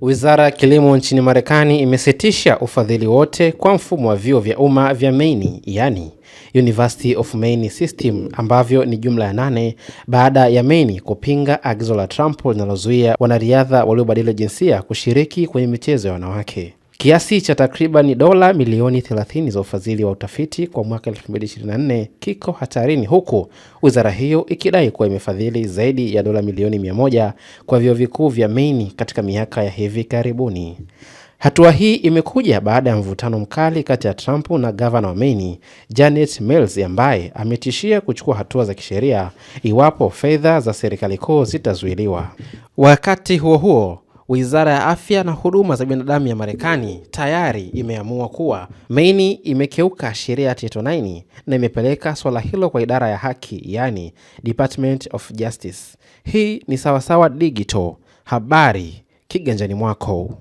Wizara ya Kilimo nchini Marekani imesitisha ufadhili wote kwa mfumo wa vyuo vya umma vya Maine, yani University of Maine System ambavyo ni jumla ya nane baada ya Maine kupinga agizo la Trump linalozuia wanariadha waliobadili jinsia kushiriki kwenye michezo ya wanawake. Kiasi cha takriban dola milioni 30 za ufadhili wa utafiti kwa mwaka 2024 kiko hatarini, huku wizara hiyo ikidai kuwa imefadhili zaidi ya dola milioni 100 kwa vyuo vikuu vya Maine katika miaka ya hivi karibuni. Hatua hii imekuja baada ya mvutano mkali kati ya Trump na gavana wa Maine Janet Mills ambaye ametishia kuchukua hatua za kisheria iwapo fedha za serikali kuu zitazuiliwa. Wakati huo huo Wizara ya Afya na Huduma za Binadamu ya Marekani tayari imeamua kuwa Maine imekeuka sheria ya Title IX na imepeleka swala hilo kwa idara ya haki, yani Department of Justice. Hii ni Sawasawa Digital, habari kiganjani mwako.